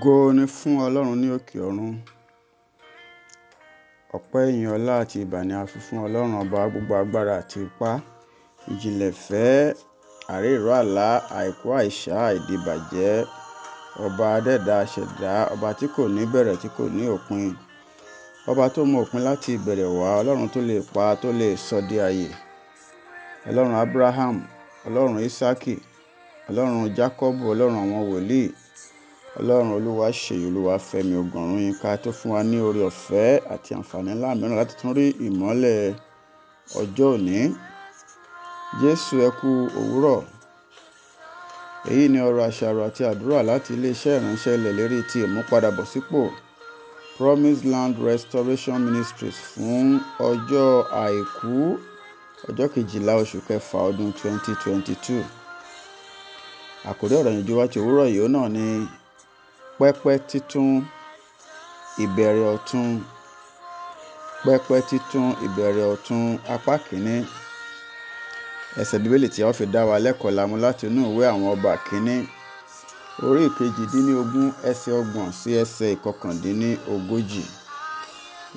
Ògo ni fún Ọlọ́run ní òkè ọ̀run. Ọ̀pẹ́ ìyìn ọlá àti ìbà ni a fi fún Ọlọ́run ọba gbogbo agbára àti ipá. Ìjìnlẹ̀ fẹ́, àríró àlá, àìkú àìsà, àìdíbàjẹ́. Ọba adẹ́dà aṣẹ̀dá, ọba tí kò ní bẹ̀rẹ̀ tí kò ní òpin. Ọba tó mọ òpin láti ìbẹ̀rẹ̀ wá, Ọlọ́run tó lè pa, tó lè sọ di ààyè. Ọlọ́run Abraham, Ọlọ́run Isaki, Ọlọ́run Jakọbu, Ọlọ́run àwọn wòlíì. Ọlọ́run Olúwaṣeyì Olúwafẹ́mi Ògùnrúyìńká tó fún wa ní oore ọ̀fẹ́ àti àǹfààní ńlá mìíràn láti tún rí ìmọ́lẹ̀ ọjọ́ òní. Jésù ẹ kú òwúrọ̀. Èyí ni ọ̀rọ̀ àṣàrò àti àdúrà láti ilé ìránṣẹ́ ilẹ̀ lérí ti ìmúpadàbọ̀sípò Promise Land Restoration Ministries fún ọjọ́ àìkú ọjọ́ kejìlá oṣù kẹfà ọdún 2022. Àkórí ọ̀rọ̀ ìyànjú wa ti òwúrọ̀ yìí náà ni pẹpẹ titun ìbẹ̀rẹ̀ ọ̀tún pẹpẹ titun ìbẹ̀rẹ̀ ọ̀tún apá kìíní ẹsẹ̀ bíbélì tí a fi dá wa lẹ́kọ̀ọ́ la mú láti inú ìwé àwọn ọba kìíní orí ìkejì dín ní ogún ẹsẹ̀ ọgbọ̀n sí ẹsẹ̀ ìkọkàndínní ogójì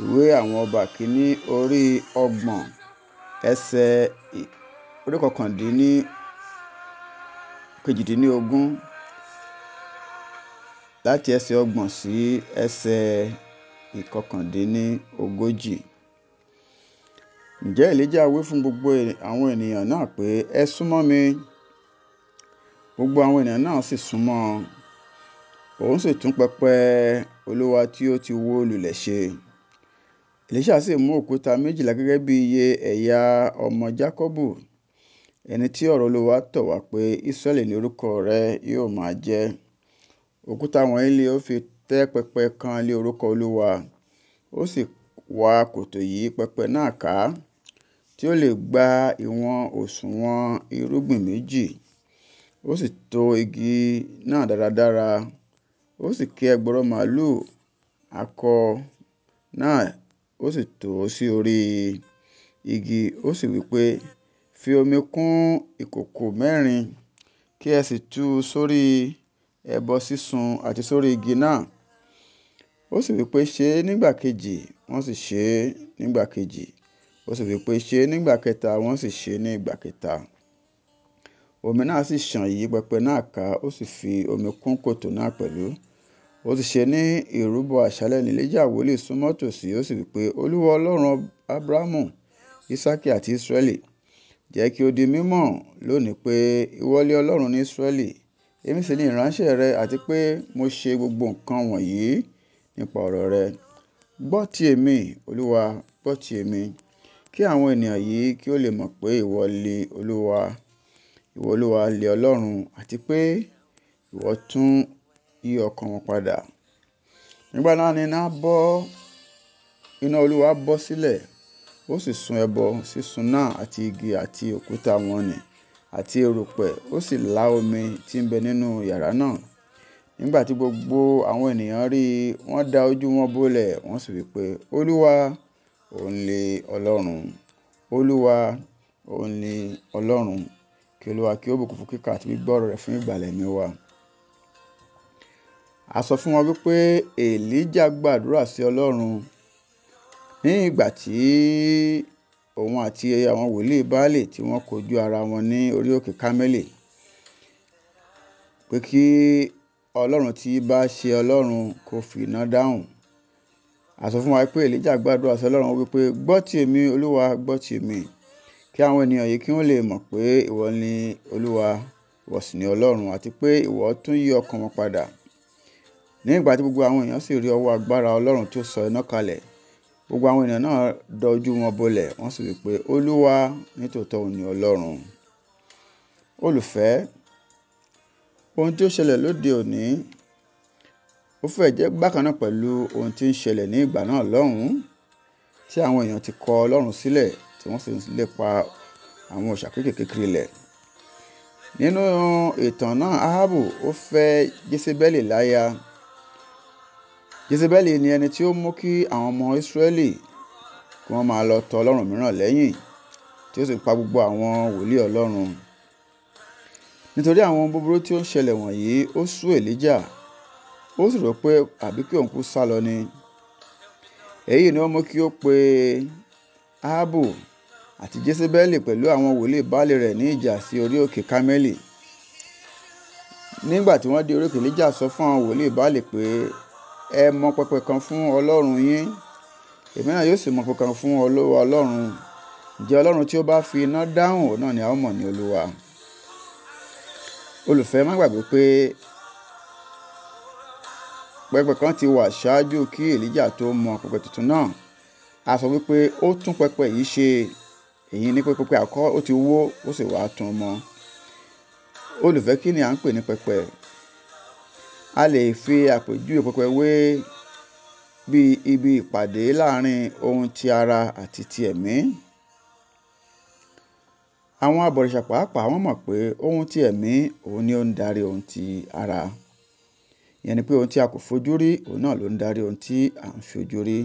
ìwé àwọn ọba kìíní orí ọgbọ̀n ẹsẹ̀ orí kọkàndínní kejìdínlógún láti ẹsẹ̀ ọgbọ̀n sí ẹsẹ̀ ìkọkàndínlógójì. Ǹjẹ́ Èlíjà wí fún gbogbo àwọn ènìyàn náà pé, ẹ súnmọ́ mi. Gbogbo àwọn ènìyàn náà sì súnmọ́ ọn. Òun sì tún pẹpẹ Olúwa tí ó ti wó lulẹ̀ ṣe. Elisha sì mú òkúta méjìlá gẹ́gẹ́ bí iye ẹ̀yà ọmọ Jákọ́bù. ẹni tí ọ̀rọ̀ Olúwa tọ̀ wá pé, Israẹli ní orúkọ rẹ̀ yóò máa jẹ́. Òkúta wọ̀nyí ni ó fi tẹ́ pẹpẹ kan lé orúkọ Olúwa, ó sì wa kòtò yí pẹpẹ náà ká, tí ó lè gba ìwọ̀n òsùwọ̀n irúgbìn méjì. Ó sì to igi náà dáradára, ó sì ké ẹgbọrọ màlúù akọ náà, ó sì tò ó sí orí igi, ó sì wí pé, fi omi kún ìkòkò mẹ́rin kí ẹ sì tú u sórí ẹbọ sísun àti sórí igi náà. Ó sì wípé ṣe é nígbà kejì, wọ́n sì ṣe é nígbà kejì. Ó sì wípé ṣe é nígbà kẹta, wọ́n sì ṣe é ní ìgbà kẹta. Omi náà sì sàn yí pẹpẹ náà ká, ó sì fi omi kún kòtò náà pẹ̀lú. Ó sì ṣe ní ìrúbọ àṣálẹ́ ní Elijah wòlíì súnmọ́ tòsí. Ó sì wípé, Olúwa Ọlọ́run Abrahamu, Isaki àti Israẹli, jẹ́ kí ó di mímọ̀ lónìí pé ìwọ lé ní Israẹli. Èmi sì ni ìránṣẹ́ rẹ àti pé mo ṣe gbogbo nǹkan wọ̀nyí nípa ọ̀rọ̀ rẹ. Gbọ́ ti èmi, Olúwa, gbọ́ ti èmi. Kí àwọn ènìyàn yìí kí ó lè mọ̀ pé ìwọ lè Olúwa, ìwọ Olúwa lè Ọlọ́run àti pé ìwọ tún yí ọkàn wọn padà. Nígbà náà ni iná bọ́, iná Olúwa bọ́ sílẹ̀, ó sì sun ẹbọ, sísun náà àti igi àti òkúta wọn nì àti erùpẹ̀ ó sì lá omi tí ń bẹ nínú yàrá náà. Nígbà tí gbogbo àwọn ènìyàn rí i, wọ́n da ojú wọn bolẹ̀, wọ́n sì wí pé, “Olúwa, òun ni Ọlọ́run! Olúwa, òun ni Ọlọ́run!” Kí Olúwa kí ó bùkún fún kíkà àti gbígbọ́ rẹ̀ fún ìgbàlẹ̀ mi wá. A sọ fún wọn wípé Èlíjà gbàdúrà sí Ọlọ́run ní ìgbà tí òun àti àwọn wòlíì Baálè tí wọ́n kojú ara wọn ní orí òkè Kámẹ́lì. Pé kí Ọlọ́run tí bá ṣe Ọlọ́run kó fi iná dáhùn. A sọ fún wa pé Èlíjà gbàdúrà sí Ọlọ́run wípé gbọ́ ti èmi Olúwa gbọ́ ti èmi. Kí àwọn ènìyàn yìí kí wọ́n lè mọ̀ pé ìwọ ni Olúwa, ìwọ sì ni Ọlọ́run àti pé ìwọ tún yí ọkàn wọn padà. Ní ìgbà tí gbogbo àwọn ènìyàn sì rí ọwọ́ agbára Ọlọ́run tí sọ iná kalẹ̀ Gbogbo àwọn ènìyàn náà dojú wọn bolẹ̀, wọ́n sì wípé, “Olúwa, nítòótọ́ òun ni Ọlọ́run.” Olùfẹ́, ohun tí ó ṣẹlẹ̀ lóde òní, ó fẹ́ jẹ́ bákan náà pẹ̀lú ohun tí ń ṣẹlẹ̀ ní ìgbà náà lọ́hùn, tí àwọn èèyàn ti kọ Ọlọ́run sílẹ̀, tí wọ́n sì ń lépa àwọn òòṣà kéékèèké kiri lẹ̀. Nínú ìtàn náà, Ahabu ó fẹ́ Jesebeli láya. Jesebeli ni ẹni tí ó mú kí àwọn ọmọ Israẹli kí wọ́n máa lọ tọ ọlọ́run mìíràn lẹ́yìn, tí ó sì pa gbogbo àwọn wòlíì Ọlọ́run. Nítorí àwọn ohun búburú tí ó ń ṣẹlẹ̀ wọ̀nyí, ó sú Elijah, ó sì rò pé àbí kí òun kú sálọ ni. Èyí ni ó mú kí ó pe Ahabu àti Jesebeli pẹ̀lú àwọn wòlíì Baálẹ̀ rẹ̀ ní ìjà sí orí òkè Karmeli. Nígbà tí wọ́n dé orí òkè, Elijah sọ fún àwọn wòlíì Baálẹ̀ pé ẹ mọ pẹpẹ kan fún Ọlọ́run yín, èmi náà yóò sì mọ pẹpẹ kan fún Olúwa Ọlọ́run. Ǹjẹ́ Ọlọ́run tí ó bá fi iná dáhùn, òun náà ni a ó mọ̀ ní Olúwa. Olùfẹ́, má gbàgbé pé pẹpẹ kan ti wà ṣáájú kí Èlíjà tó mọ pẹpẹ tuntun náà. A sọ wípé ó tún pẹpẹ yìí ṣe. Èyí ni pé pẹpẹ àkọ́kọ́ ó ti wó, ó sì wá tún mọ. Olùfẹ́, kí ni a ń pè ní pẹpẹ? A lè fi àpèjúwe pẹpẹ wé bí ibi ìpàdé láàárín ohun ti ara àti ti ẹ̀mí. Àwọn abọ̀rìṣà pàápàá wọ́n mọ̀ pé ohun ti ẹ̀mí òun ni ó ń darí ohun ti ara. Ìyẹn ni pé ohun tí a kò fojú rí, òun náà ló ń darí ohun tí à ń fi ojú rí.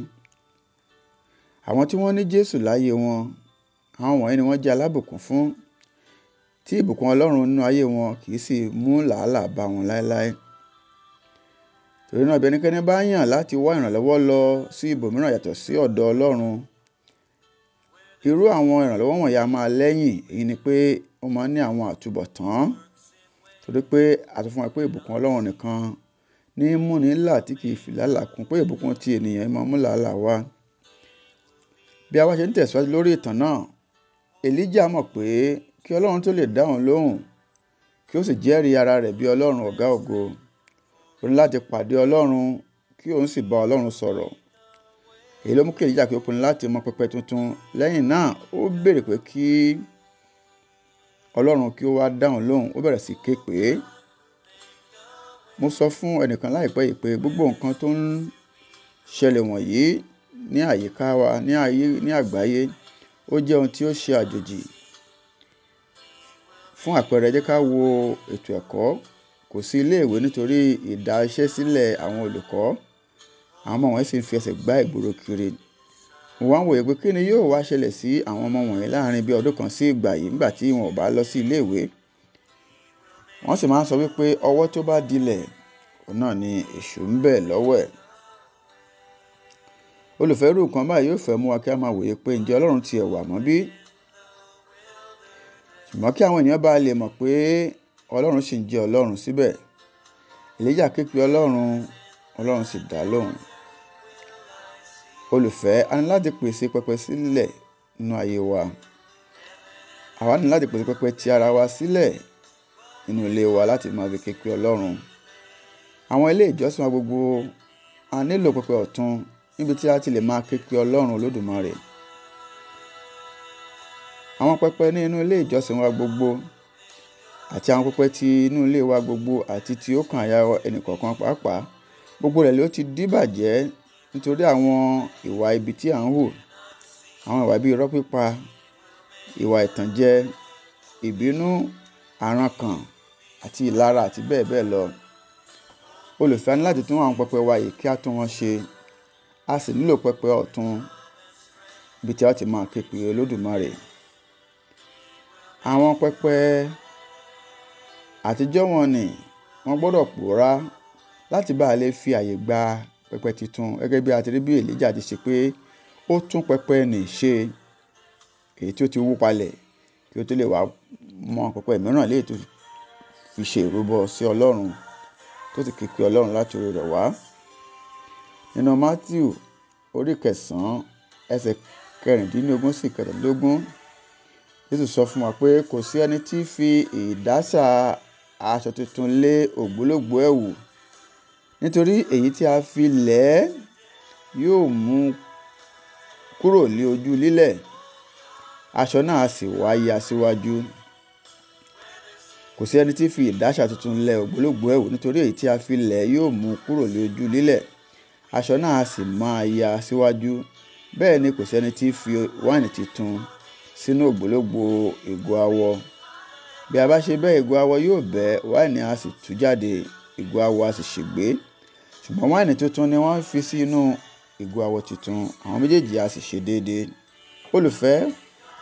Àwọn tí wọ́n ní Jésù láyé wọn, àwọn wọ̀nyí ni wọ́n jẹ́ alábùkún fún, tí ìbùkún Ọlọ́run nínú ayé wọn kì í sì mú làálàá bá wọn láéláé ìrònú bí ẹnikẹ́ni bá yàn láti wá ìrànlọ́wọ́ lọ sí ibòmíràn yàtọ̀ sí ọ̀dọ̀ Ọlọ́run. Irú àwọn ìrànlọ́wọ́ wọ̀nyí a máa lẹ́yìn, èyí ni pé ó máa ń ní àwọn àtúbọ̀tán. Torí pé a sọ fún wa pé ìbùkún Ọlọ́run nìkan ní mú ni là tí kì í fi làálàá kún, pé ìbùkún ti ènìyàn máa ń mú làálàá wá. Bí a bá ṣe ń tẹ̀síwájú lórí ìtàn náà, Elijah mọ̀ pé kí Ọlọ́run tó lè dá òun lóhùn, kí ó sì jẹ́rìí ara rẹ̀ bí Ọlọ́run Ọ̀gá ògo ó ní láti pàdé Ọlọ́run kí òun sì bá Ọlọ́run sọ̀rọ̀. Èyí ló mú kí Èlíjà kí ó pinnu láti mọ pẹpẹ tuntun. Lẹ́yìn náà ó béèrè pé kí Ọlọ́run kí ó wá dáhùn lóhùn. Ó bẹ̀rẹ̀ sí ké pè é. Mo sọ fún ẹnìkan láìpẹ́ yìí pé gbogbo nǹkan tó ń ṣẹlẹ̀ wọ̀nyí ní àyíká wa, ní ayé, ní àgbáyé, ó jẹ́ ohun tí ó ṣe àjòjì. Fún àpẹẹrẹ jẹ́ ká wo ètò ẹ̀kọ́ kò sí ilé ìwé nítorí ìdaṣẹ́sílẹ̀ àwọn olùkọ́. Àwọn ọmọ wọ̀nyí sì ń fi ẹsẹ̀ gbá ìgboro kiri. Mo wá ń wòye pé kíni yóò wá ṣẹlẹ̀ sí àwọn ọmọ wọ̀nyí láàrín bí ọdún kan sí ìgbà yìí nígbà tí wọn ò bá lọ sí ilé ìwé. Wọ́n sì máa ń sọ wípé ọwọ́ tó bá dilẹ̀, ọ̀un nà ni èṣù ń bẹ̀ lọ́wẹ̀. Olùfẹ́ irú nǹkan báyìí yóò fẹ́ mú wa kí a máa wòye pé ǹjẹ́ Ọlọ́run ti ẹ̀ wà mọ́ bí? Ṣùgbọ́n kí àwọn ènìyàn bá lè mọ̀ pé Ọlọ́run sì ń jẹ́ Ọlọ́run síbẹ̀. Èlíjà ké pe Ọlọ́run, Ọlọ́run sì dá a lóhùn. Olùfẹ́, a ní láti pèsè pẹpẹ sílẹ̀ nínú ayé wa. Àwa ní láti pèsè pẹpẹ ti ara wa sílẹ̀ nínú ilé wa láti máa fi ké pe Ọlọ́run. Àwọn ilé ìjọsìn wa gbogbo a nílò pẹpẹ ọ̀tún níbi tí a ti lè máa ké pe Ọlọ́run Olódùmarè. Àwọn pẹpẹ ní inú ilé ìjọsìn wa gbogbo àti àwọn pẹpẹ tí inú ilé wa gbogbo àti ti ọ̀kan àyà ẹni kọ̀ọ̀kan pàápàá. Gbogbo rẹ̀ ló ti díbàjẹ́ nítorí àwọn ìwà ibi tí à ń wò. Àwọn ìwà bíi irọ́ pípa, ìwà ìtànjẹ, ìbínú, àrankàn àti ìlara àti bẹ́ẹ̀ bẹ́ẹ̀ lọ. Olùfẹ́ a ní láti tún àwọn pẹpẹ wa yìí kí a tún wọn ṣe. A sì nílò pẹpẹ ọ̀tún ibi tí a ti máa ké pe Olódùmarè. Àwọn pẹpẹ àtijọ́ wọn ni wọ́n gbọ́dọ̀ pòórá láti bá lè fi àyè gba pẹpẹ titun gẹ́gẹ́ bí a ti rí bí Èlíjà ti ṣe pé ó tún pẹpẹ nì ṣe èyí tí ó ti wó palẹ̀ kí ó tó lè wá mọ pẹpẹ mìíràn léyìí tó fi ṣe ìrúbọ sí Ọlọ́run tó ti képe Ọlọ́run láti orí rẹ̀ wá. Nínú Mátíù orí kẹsàn-án ẹsẹ̀ kẹrìndínlógún sí kẹtàdínlógún Jésù sọ fún wa pé kò sí ẹni tí fi ìdásà aṣọ tuntun lé ògbólógbòó ẹ̀wù nítorí èyí tí a fi lẹ̀ ẹ́ yóò mú kúrò ní ojú lílẹ̀, aṣọ náà a sì wá ya síwájú. Kò sí ẹni tí fi ìdáṣà tuntun lẹ ògbólógbòó ẹ̀wù nítorí èyí tí a fi lẹ̀ ẹ́ yóò mú kúrò ní ojú lílẹ̀, aṣọ náà sì máa ya síwájú. Bẹ́ẹ̀ ni kò sí ẹni tí fi wáìnì tuntun sínú ògbólógbòó ìgò awọ. Bí a bá ṣe bẹ́, ìgò awọ yóò bẹ́, wáìnì a sì tú jáde, ìgò awọ a sì ṣègbé. Ṣùgbọ́n wáìnì tuntun ni wọ́n fi sí inú ìgò awọ tuntun, àwọn méjèèjì a sì ṣe déédéé. Olùfẹ́,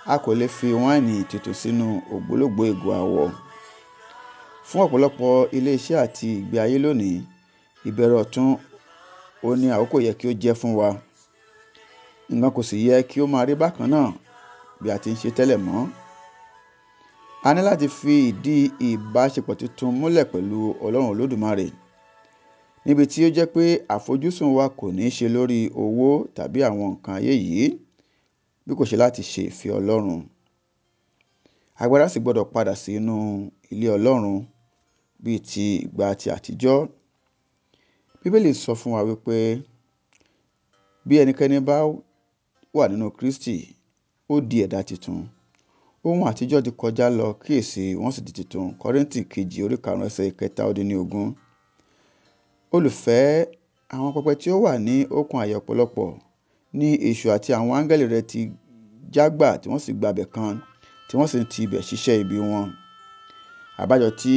a kò lè fi wáìnì tuntun sínú ògbólógbòó ìgò awọ. Fún ọ̀pọ̀lọpọ̀ ilé àti ìgbé ayé lónìí, ìbẹ̀rẹ̀ ọ̀tún ò ní àkókò yẹ kí ó jẹ́ fún wa. Ǹkan kò sì yẹ kí ó máa rí bákan náà bí a ti ń ṣe tẹ́lẹ̀ mọ́. A ní láti fi ìdí ìbáṣepọ̀ tuntun múlẹ̀ pẹ̀lú Ọlọ́run Olódùmarè, níbi tí ó jẹ́ pé àfojúsùn wa kò ní ṣe lórí owó tàbí àwọn nǹkan ayé yìí, bí kò ṣe láti ṣe ìfẹ́ Ọlọ́run. Agbára sì gbọdọ̀ padà sí inú ilé Ọlọ́run bíi ti ìgbà ti àtijọ́. Bíbélì sọ fún wa wípé bí ẹnikẹ́ni bá wà nínú Kristi, ó di ẹ̀dá tuntun. Ohun àtijọ́ ti kọjá lọ kí èsì wọn sì di tuntun. Kọ́ríńtì kejì orí karùn-ún ẹsẹ̀ ìkẹta ó dín ní ogún. Olùfẹ́, àwọn pẹpẹ tí ó wà ní okùn àyà ọ̀pọ̀lọpọ̀ ní èṣù àti àwọn áńgẹ́lì rẹ̀ ti jágbà tí wọ́n sì gba ibẹ̀ kan, tí wọ́n sì ń ti ibẹ̀ ṣiṣẹ́ ibi wọn. Àbájọ tí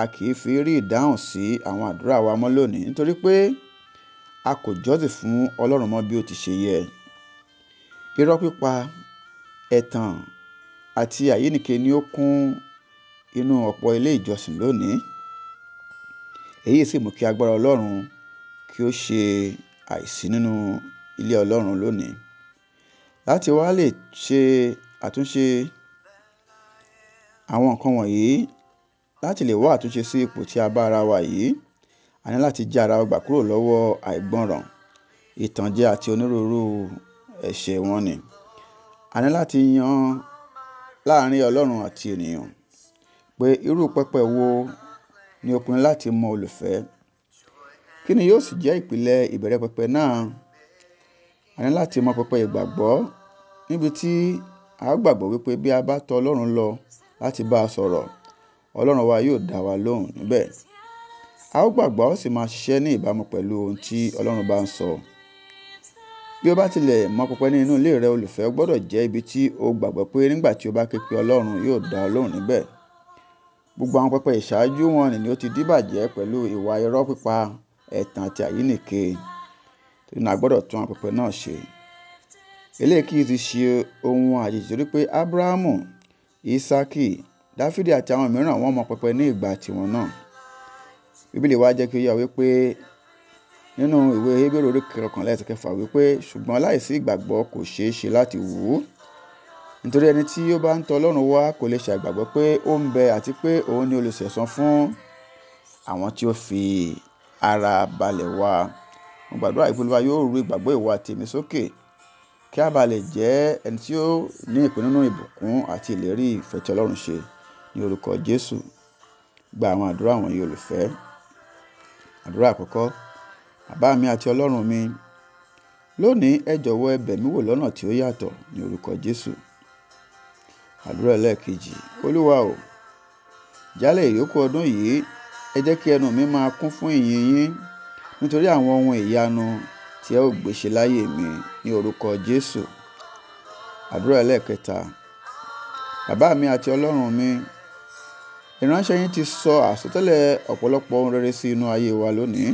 a kì í fi rí ìdáhùn sí àwọn àdúrà wa mọ́ lónìí nítorí pé a kò jọ́sìn fún Ọlọ́run mọ́ bí ó ti ṣe yẹ. Irọ́ pípa, ẹ̀tàn àti àyíníke ni ó kún inú ọ̀pọ̀ ilé ìjọsìn lónìí. Èyí sì mú kí agbára Ọlọ́run kí ó ṣe àìsí nínú ilé Ọlọ́run lónìí. Láti wá lè ṣe àtúnṣe àwọn nǹkan wọ̀nyí, láti lè wá àtúnṣe sí ipò tí a bá ara wa yìí, a ní láti já ara wa gbà kúrò lọ́wọ́ àìgbọràn, ìtànjẹ àti onírúurú ẹ̀ṣẹ̀ wọ̀n ní. A ní láti yan láàárín Ọlọ́run àti ènìyàn. Pé irú pẹpẹ wo ni ó pinnu láti mọ olùfẹ́? Kí ni yóò sì jẹ́ ìpìlẹ̀ ìbẹ̀rẹ̀ pẹpẹ náà? A ní láti mọ pẹpẹ ìgbàgbọ́ níbi tí a ó gbàgbọ́ wípé bí a bá tọ Ọlọ́run lọ láti bá a sọ̀rọ̀, Ọlọ́run wa yóò dá wa lóhùn níbẹ̀. A ó gbàgbọ́ a ó sì máa ṣiṣẹ́ ní ìbámu pẹ̀lú ohun tí Ọlọ́run bá ń sọ. Bí ó bá tilẹ̀ mọ pẹpẹ ní inú ilé rẹ, olùfẹ́ ó gbọdọ̀ jẹ́ ibi tí o gbàgbọ́ pé nígbà tí o bá ké pe Ọlọ́run, yóò dá ọ lóhùn níbẹ̀. Gbogbo àwọn pẹpẹ ìṣáájú wọ̀nyí ni ó ti díbàjẹ́ pẹ̀lú ìwà irọ́ pípa, ẹ̀tàn àti àyíníke. Nítorí náà a gbọdọ̀ tún àwọn pẹpẹ náà ṣe. Eléyìí kì í sì ṣe ohun àjèjì torí pé Ábúráhámù, Ísákì, Dafidi àti àwọn mìíràn wọ́n mọ pẹpẹ ní ìgbà tiwọn náà. Bíbélì wa jẹ́ kí ó yé wa wípé nínú ìwé Hébérù orí kọkànlá ẹsẹ̀ kẹfà wípé ṣùgbọ́n láìsí ìgbàgbọ́ kò ṣeé ṣe láti wù ú. Nítorí ẹni tí ó bá ń tọ Ọlọ́run wá kò lè ṣàìgbàgbọ́ pé ó ń bẹ àti pé òun ni olùṣẹ̀san fún àwọn tí ó fi ara balẹ̀ wá. Mo gbàdúrà wípé Olúwa yóò ru ìgbàgbọ́ ìwà tèmi sókè kí a bá lè jẹ́ ẹni tí ó ní ìpín nínú ìbùkún àti ìlérí ìfẹ́ tí Ọlọ́run ṣe ní orúkọ Jésù. Gba àwọn àdúrà wọ̀nyí olùfẹ́. Àdúrà àkọ́kọ́ Bàbá mi àti Ọlọ́run mi, lónìí ẹ jọ̀wọ́ ẹ bẹ̀ mí wò lọ́nà tí ó yàtọ̀ ní orúkọ Jésù. Àdúrà ẹlẹ́ẹ̀kejì, Olúwa o, jálẹ̀ ìyókù ọdún yìí, ẹ jẹ́ kí ẹnu mi máa kún fún ìyìn yín nítorí àwọn ohun ìyanu tí ẹ ó gbé ṣe láyé mi ní orúkọ Jésù. Àdúrà ẹlẹ́ẹ̀kẹta, Bàbá mi àti Ọlọ́run mi, ìránṣẹ́ yín ti sọ àsọtẹ́lẹ̀ ọ̀pọ̀lọpọ̀ ohun rere sí inú ayé wa lónìí.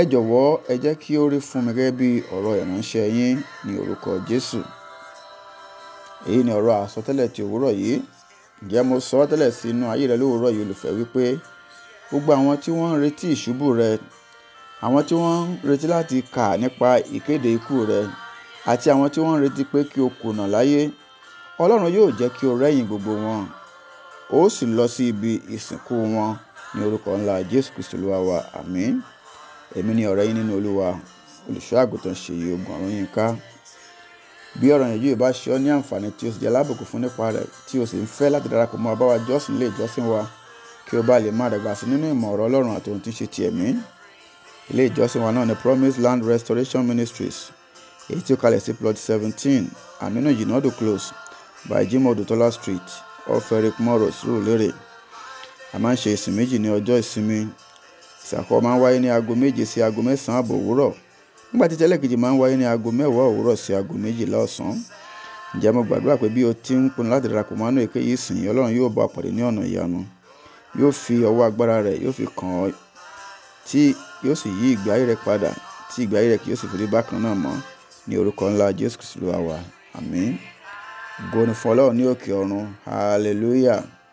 Ẹ jọ̀wọ́ ẹ jẹ́ kí ó rí fún mi gẹ́gẹ́ bí ọ̀rọ̀ ìránṣẹ́ yín ní orúkọ Jésù. Èyí ni ọ̀rọ̀ àsọtẹ́lẹ̀ ti òwúrọ̀ yìí. Ǹjẹ́ mo sọ ọ́ tẹ́lẹ̀ sínú ayé rẹ lówúrọ̀ yìí olùfẹ́ wípé gbogbo àwọn tí wọ́n ń retí ìṣubú rẹ, àwọn tí wọ́n ń retí láti kà nípa ìkéde ikú rẹ àti àwọn tí wọ́n ń retí pé kí o kùnà láyé, Ọlọ́run yóò jẹ́ kí o rẹ́yìn gbogbo wọn, ó sì lọ sí ibi ìsìnkú wọn ní orúkọ ńlá Jésù Kristi Olúwa Àmín. Èmi ni ọ̀rẹ́ yín nínú Olúwa, olùṣọ́ àgùntàn Ṣèyí Ogun ọ̀run yín ká. Bí ọ̀rọ̀ yẹn yóò bá ṣe ọ́ ní àǹfààní tí o sì jẹ́ alábùkún fún nípa rẹ̀, tí o sì ń fẹ́ láti darapọ̀ mọ́ wa bá wa jọ́sìn wa, kí o bá lè máa dàgbà sí nínú ìmọ̀ ọ̀rọ̀ Ọlọ́run àti ohun tí ń ṣe ti ẹ̀mí. Ilé ìjọsìn wa náà ni Promise Land Restoration Ministries, èyí tí ó kalẹ̀ sí plot seventeen Aminu Yinodu Close by Jimoh Odutola Street, Oferic Moro, Surulere. A máa ń ṣe ìsìn méjì ní ọjọ́ ìsinmi Ìsàkọ́ máa ń wáyé ní aago méje sí aago mẹ́sàn-án àbọ̀ òwúrọ̀, nígbà tí tẹ́lẹ̀kejì máa ń wáyé ní aago mẹ́wàá òwúrọ̀ sí aago méjìlá ọ̀sán. Ǹjẹ́ mo gbàdúrà pé bí o ti ń pinnu láti darapọ̀ mọ́ nínú èké yìí ìsìn, Ọlọ́run yóò bá ọ pàdé ní ọ̀nà ìyanu, yóò fi ọwọ́ agbára rẹ̀ yóò fi kàn ọ́, tí yóò sì yí ìgbé ayé rẹ padà, tí ìgbé ayé rẹ kì yóò sì fi rí bákan náà mọ́. Ní